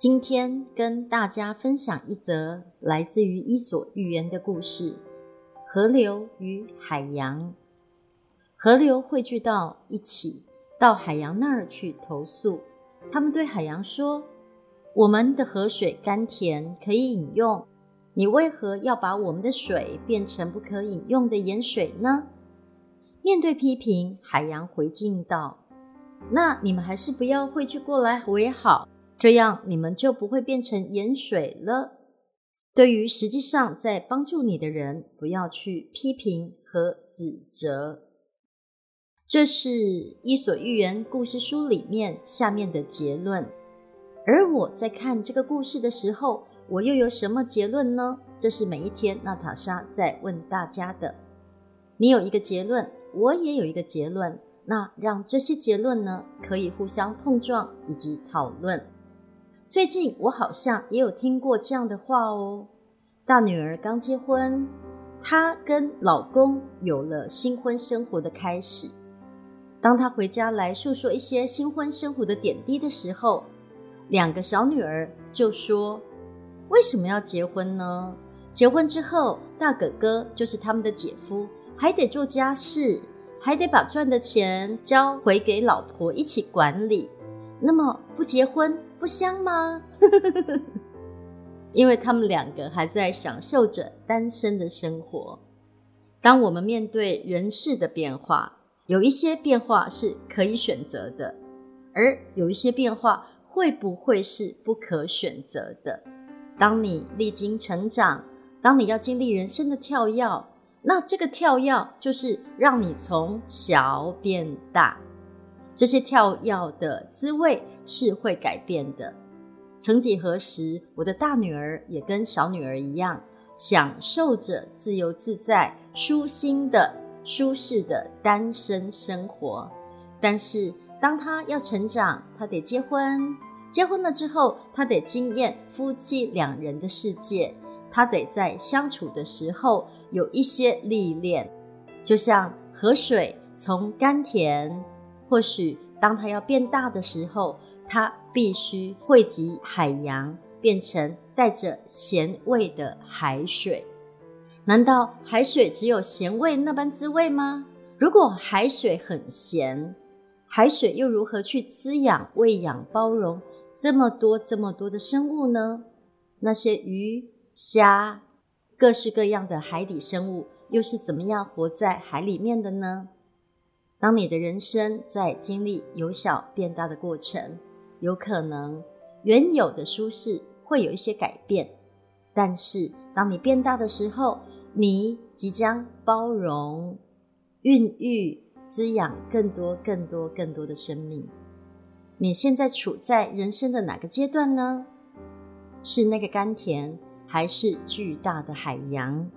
今天跟大家分享一則來自於伊索寓言的故事：河流與海洋。河流匯聚到一起，到海洋那兒去投訴。他們對海洋說：“我們的河水甘甜，可以飲用，你為何要把我們的水變成不可飲用的鹽水呢？”面對批評，海洋回敬道：“那你們還是不要匯聚過來為好。”這樣你們就不會變成鹽水了。對於實際上在幫助你的人，不要去批評和指責。這是《伊索寓言》故事書裡面下面的結論。而我在看這個故事的時候，我又有什麼結論呢？這是每一天娜塔莎在問大家的。你有一個結論，我也有一個結論。那讓這些結論呢，可以互相碰撞以及討論。最近我好像也有聽過這樣的話哦。大女兒剛結婚，她跟老公有了新婚生活的開始。當她回家來訴說一些新婚生活的點滴的時候，兩個小女兒就說：“為什麼要結婚呢？結婚之後，大哥哥就是他們的姐夫，還得做家事，還得把賺的錢交回給老婆一起管理。那麼不結婚？”不香嗎？ 因為他們兩個還在享受着單身的生活。當我們面對人世的變化，有一些變化是可以選擇的，而有一些變化會不會是不可選擇的？當你歷經成長，當你要經歷人生的跳躍，那這個跳躍就是讓你從小變大。這些跳躍的滋味。是會改變的。曾幾何時，我的大女兒也跟小女兒一樣，享受着自由自在、舒心的、舒適的單身生活。但是，當她要成長，她得結婚。結婚了之後，她得經驗夫妻兩人的世界。她得在相處的時候有一些歷練。就像河水從甘甜，或許當她要變大的時候。它必須匯集海洋，變成帶着鹹味的海水。難道海水只有鹹味那般滋味嗎？如果海水很鹹，海水又如何去滋養、餵養、包容這麼多、這麼多的生物呢？那些魚、蝦、各式各樣的海底生物，又是怎麼樣活在海裡面的呢？當你的人生在經歷由小變大的過程。有可能原有的舒適會有一些改變，但是當你變大的時候，你即將包容、孕育、滋養更多、更多、更多的生命。你現在處在人生的哪個階段呢？是那個甘甜，還是巨大的海洋？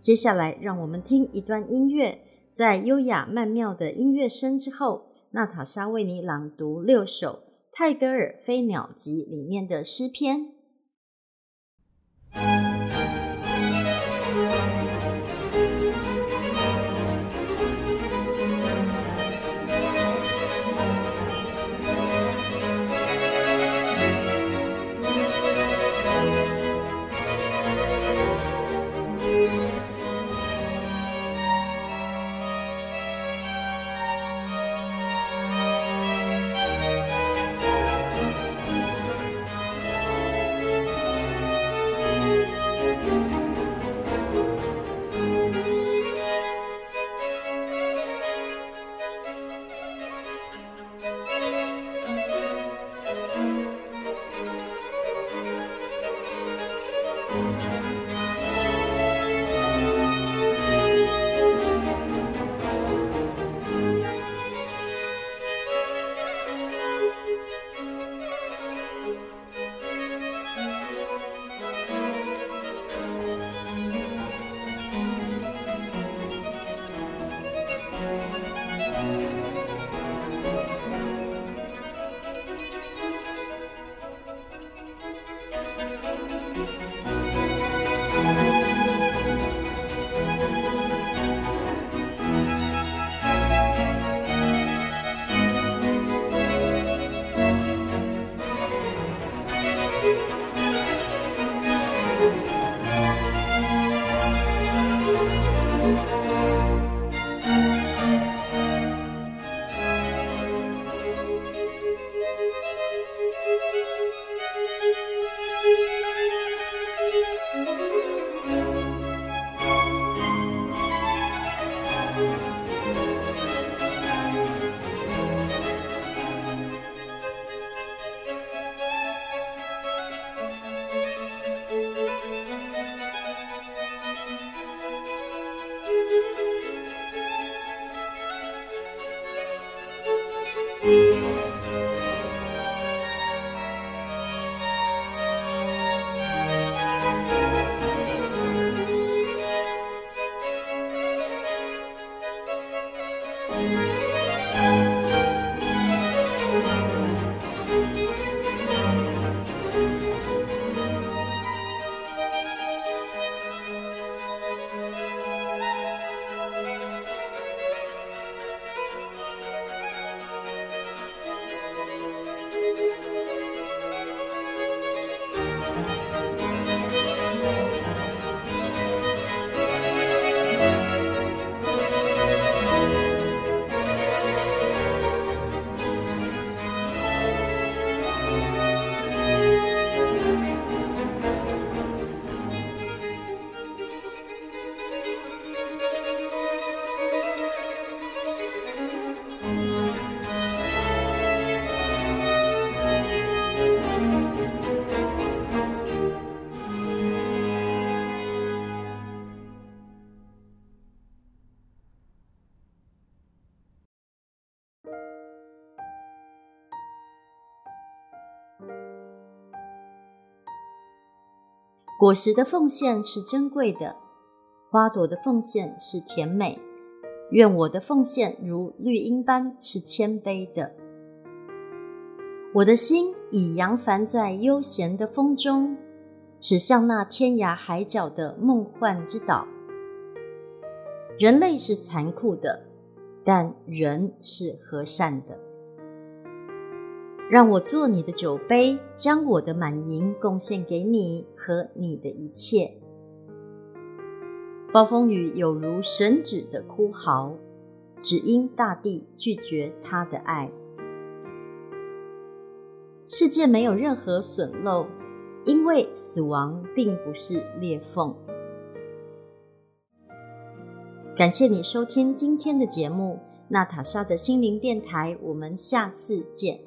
接下來，讓我們聽一段音樂，在優雅曼妙的音樂聲之後。娜塔莎為你朗讀六首泰戈爾《飛鳥集》裡面的詩篇。果實的奉獻是珍貴的，花朵的奉獻是甜美，願我的奉獻如綠蔭般是謙卑的。我的心已揚帆在悠閒的風中，駛向那天涯海角的夢幻之島。人類是殘酷的，但人是和善的。讓我做你的酒杯，將我的滿盈貢獻給你。和你的一切，暴風雨有如神祇的哭嚎，只因大地拒絕他的愛。世界沒有任何損漏，因為死亡並不是裂縫。感謝你收聽今天的節目，娜塔莎的心靈電台，我們下次見。